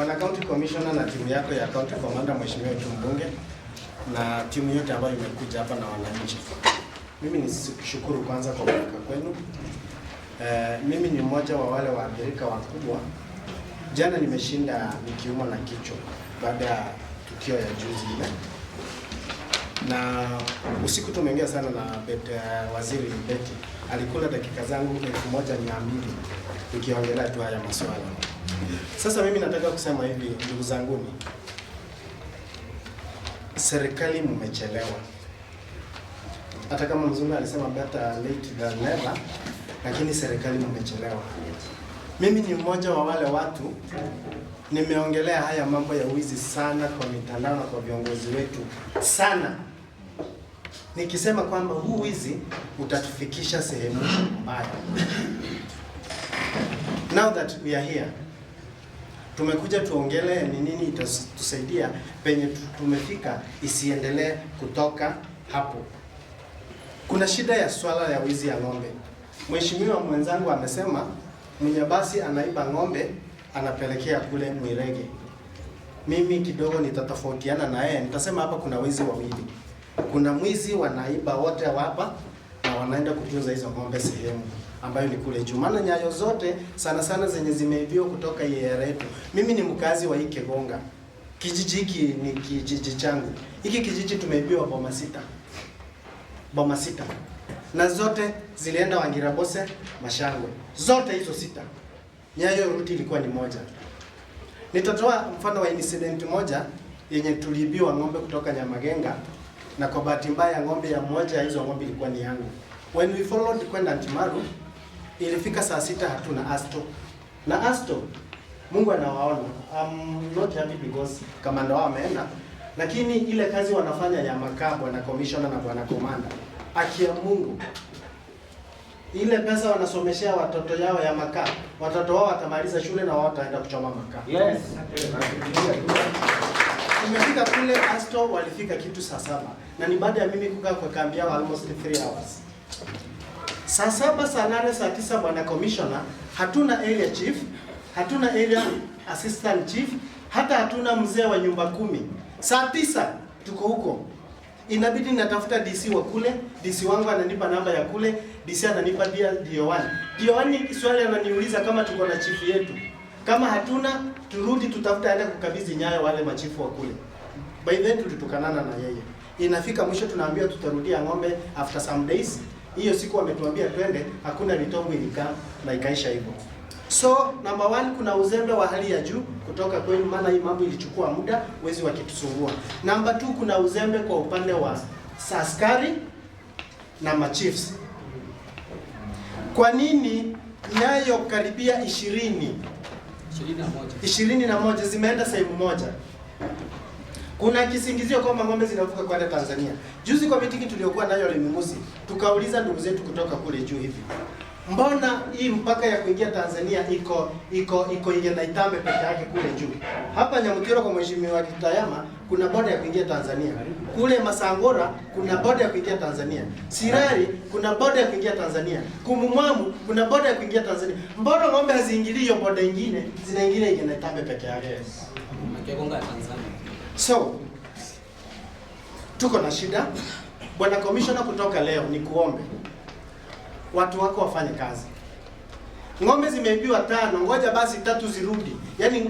Bwana County Commissioner na timu yako ya County Commander, Mheshimiwa Mbunge na timu yote ambayo imekuja hapa na wananchi, mimi shukuru kwanza kwa kufika kwenu. E, mimi ni mmoja wa wale waathirika wakubwa. Jana nimeshinda nikiumwa na kichwa baada ya tukio ya juzi ile, eh? na usiku tumeongea sana na uh, waziri Mbeki alikula dakika zangu elfu moja mia mbili nikiongelea tu haya maswala sasa mimi nataka kusema hivi, ndugu zanguni, serikali mmechelewa. Hata kama mzungu alisema better late than never, lakini serikali mmechelewa. Mimi ni mmoja wa wale watu nimeongelea haya mambo ya wizi sana kwa mitandao na kwa viongozi wetu sana, nikisema kwamba huu wizi utatufikisha sehemu mbaya. Now that we are here tumekuja tuongele ni nini itatusaidia penye tumefika isiendelee kutoka hapo. Kuna shida ya swala ya wizi ya ng'ombe. Mheshimiwa mwenzangu amesema mwenye basi anaiba ng'ombe anapelekea kule Mwirege. Mimi kidogo nitatofautiana na yeye, nitasema hapa kuna wizi wawili. Kuna mwizi wanaiba wote hapa na wanaenda kutunza hizo ng'ombe sehemu ambayo ni kule juu, maana nyayo zote sana sana zenye zimeibiwa kutoka iara yetu. Mimi ni mkazi wa Ikegonga, kijiji hiki ni kijiji changu. Hiki kijiji tumeibiwa boma sita, boma sita, na zote zilienda Wangira Bose Mashangwe, zote hizo sita. Nyayo ruti ilikuwa ni moja. Nitatoa mfano wa incident moja yenye tuliibiwa ng'ombe kutoka Nyamagenga, na kwa bahati mbaya ng'ombe ya moja hizo ng'ombe ilikuwa ni yangu. When we followed kwenda Timaru, ilifika saa sita hatuna asto na asto, Mungu anawaona. I'm not happy because kamanda wao ameenda, lakini ile kazi wanafanya ya makaa bwana komishona na bwana komanda, akia Mungu ile pesa wanasomeshea watoto yao ya makaa, watoto wao watamaliza shule na wao wataenda kuchoma makaa. Yes, tumefika kule asto, walifika kitu saa saba na ni baada ya mimi kukaa kwa kambi yao almost 3 hours saa saba, saa nane, saa tisa, bwana komishona, hatuna area chief, hatuna area assistant chief, hata hatuna mzee wa nyumba kumi. Saa tisa tuko huko, inabidi natafuta DC wa kule. DC wangu ananipa namba ya kule, DC ananipa DO1. DO1 swali ananiuliza kama tuko na chifu yetu, kama hatuna turudi tutafuta hata kukabidhi nyayo wale machifu wa kule. By then tulitukanana na yeye, inafika mwisho tunaambiwa tutarudia ng'ombe after some days hiyo siku wametuambia twende, hakuna mitombo ilikaa na ikaisha hivyo. So number one, kuna uzembe wa hali ya juu kutoka kwenu, maana hii mambo ilichukua muda, wezi wakitusumbua. Number two, kuna uzembe kwa upande wa saskari na machiefs. Kwa nini nyayo karibia ishirini ishirini na moja zimeenda sehemu moja kuna kisingizio kwamba ng'ombe zinavuka kwenda Tanzania. Juzi kwa mitiki tuliokuwa nayo Limusi, tukauliza ndugu zetu kutoka kule juu hivi. Mbona hii mpaka ya kuingia Tanzania iko iko iko Igenda Itambe peke yake kule juu? Hapa Nyamutiro kwa mheshimiwa Kitayama kuna boda ya kuingia Tanzania. Kule Masangora kuna boda ya kuingia Tanzania. Sirari kuna boda ya kuingia Tanzania. Kumumwamu kuna boda ya kuingia Tanzania. Mbona ng'ombe haziingilii hiyo boda nyingine, zinaingilia Igenda Itambe peke yake? Yes. Tanzania. So tuko na shida bwana commissioner, kutoka leo ni kuombe watu wako wafanye kazi. Ng'ombe zimeibiwa tano, ngoja basi tatu zirudi. Yaani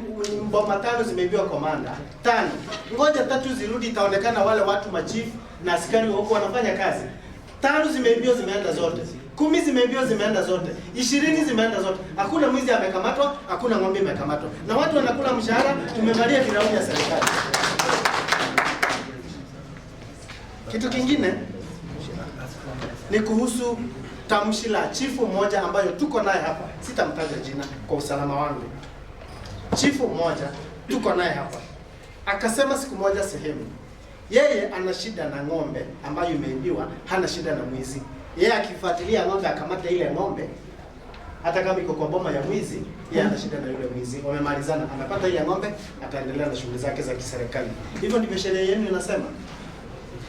mboma tano zimeibiwa komanda tano, ngoja tatu zirudi, itaonekana wale watu machifu na askari wako wanafanya kazi. Tano zimeibiwa zimeenda zote, kumi zimeibiwa zimeenda zote, ishirini zimeenda zote. Hakuna mwizi amekamatwa, hakuna ng'ombe imekamatwa, na watu wanakula mshahara. Tumemalia kirauni ya serikali. Kitu kingine ni kuhusu tamshi la chifu mmoja ambayo tuko naye hapa, sitamtaja jina kwa usalama wangu. Chifu mmoja tuko naye hapa akasema siku moja sehemu, yeye ana shida na ng'ombe ambayo imeibiwa, hana shida na mwizi. Yeye akifuatilia ng'ombe akamata ile ng'ombe, hata kama iko kwa boma ya mwizi, yeye ana shida na yule mwizi, wamemalizana. Amepata ile ng'ombe, ataendelea na shughuli zake za kiserikali. Hivyo ndivyo sheria yenu inasema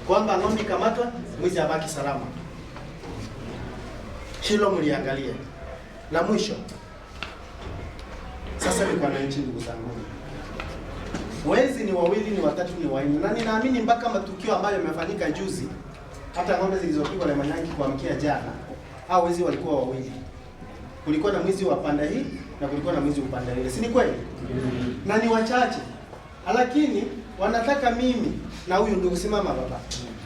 kwamba ng'ombe kamatwa, mwizi abaki salama. Hilo mliangalia. La mwisho sasa ni kwa wananchi, ndugu zangu, wezi ni wawili, ni watatu, ni wanne, na ninaamini mpaka matukio ambayo yamefanyika juzi, hata ng'ombe zilizopigwa na manyangi kuamkia jana, au wezi walikuwa wawili. Kulikuwa na mwizi wa panda hii na kulikuwa na mwizi upande ile, si ni kweli? Mm-hmm. Na ni wachache, lakini wanataka mimi na huyu ndugu, simama baba.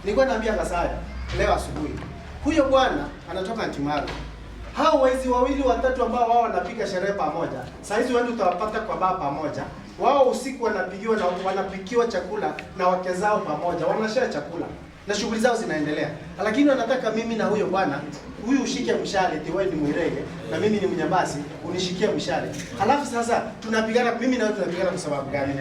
Nilikuwa naambia Kasaya leo asubuhi, huyo bwana anatoka Ntimaru. Hao wezi wawili watatu ambao wao wanapika sherehe pamoja, saa hizi watu utawapata kwa baa pamoja. Wao usiku wanapigiwa na wanapikiwa chakula na wake zao pamoja, wanashare chakula na shughuli zao zinaendelea, lakini wanataka mimi na huyo bwana huyu ushike mshale, eti wewe ni Mwirege na mimi ni Mnyabasi, unishikie mshale, halafu sasa tunapigana, mimi na wewe tunapigana kwa sababu gani?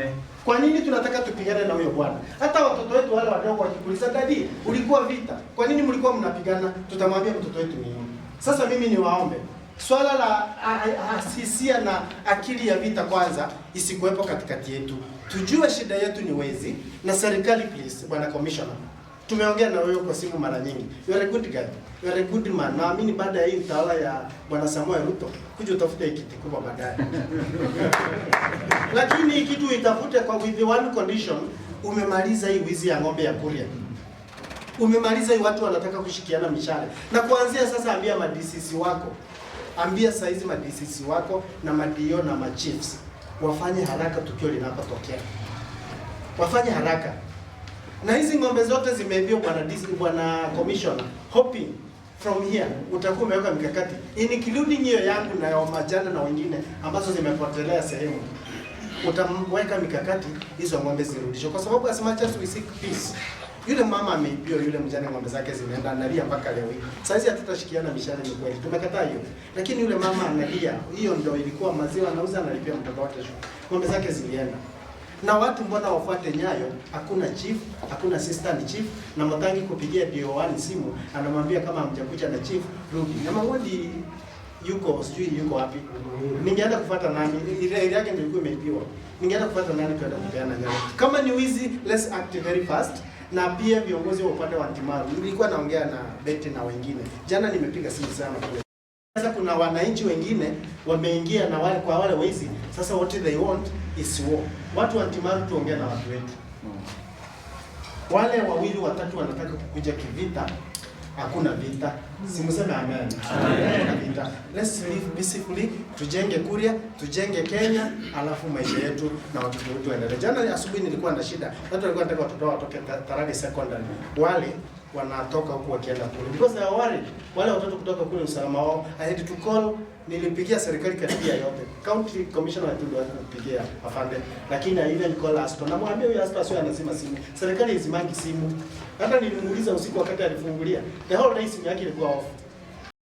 Kwa nini tunataka tupigane na huyo bwana? Hata watoto wetu wale wadogo wakikuliza, dadi, ulikuwa vita, kwa nini mlikuwa mnapigana? Tutamwambia mtoto wetu ni yule. Sasa mimi niwaombe swala la hasisia na akili ya vita kwanza isikuwepo katikati yetu, tujue shida yetu ni wezi na serikali. Please bwana commissioner Tumeongea na wewe kwa simu mara nyingi. You are a good guy. You are a good man. Naamini baada ya hii utawala ya Bwana Samuel Ruto kuja utafuta kiti kubwa baadaye. Lakini hii kitu itafute kwa with the one condition, umemaliza hii wizi ya ng'ombe ya Kuria. Umemaliza hii watu wanataka kushikiana mishale. Na kuanzia sasa ambia madisisi wako. Ambia saizi madisisi wako na madio na machiefs wafanye haraka tukio linapotokea. Wafanye haraka na hizi ng'ombe zote zimeambiwa bwana bwana commission hoping from here utakuwa umeweka mikakati kirudi nyio yangu na ya majana na wengine ambazo zimepotelea sehemu, utamweka mikakati hizo ng'ombe zirudishwe, kwa sababu as much as we seek peace yule mama ameibiwa, yule mjane ng'ombe zake zimeenda analia mpaka leo hii. Sasa hizi hatutashikiana mishale, ni kweli tumekataa hiyo, lakini yule mama analia, hiyo ndio ilikuwa maziwa anauza, analipia mtoto wake shule, ng'ombe zake zilienda na watu mbona wafuate nyayo? Hakuna chief, hakuna assistant chief, na Mwangangi kupigia DO1 simu anamwambia kama amjakuja na chief rudi. Na Mang'ondi yuko sijui yuko wapi? Ningeenda kufuata nani? Ile ile yake ndio ilikuwa imeibiwa. Ningeenda kufuata nani kwenda kupeana nyayo? Kama ni wizi, let's act very fast. Na pia viongozi wa upande wa Timaru, nilikuwa naongea na Betty na wengine jana, nimepiga simu sana kule sasa kuna wananchi wengine wameingia na wale kwa wale wezi. Sasa what they want is war. Watu wa Timaru, tuongea na watu wetu. Wale wawili watatu wanataka kukuja kivita, hakuna vita. Simuseme amen. Amen. Vita. Let's live peacefully, tujenge Kuria, tujenge Kenya, alafu maisha yetu na watoto wetu waendelee. Jana asubuhi nilikuwa na shida. Watu walikuwa wanataka watoto wao watoke Tarari Secondary. Wale wanatoka huku wakienda kule, because they are worried wale watoto kutoka kule usalama wao, I had to call. Nilipigia serikali karibia yote, county commissioner wa wetu alinipigia afande, lakini I even call Aston, namwambia huyu Aston sio anasema simu, serikali izimangi simu. Hata nilimuuliza usiku wakati alifungulia, the whole day simu yake ilikuwa off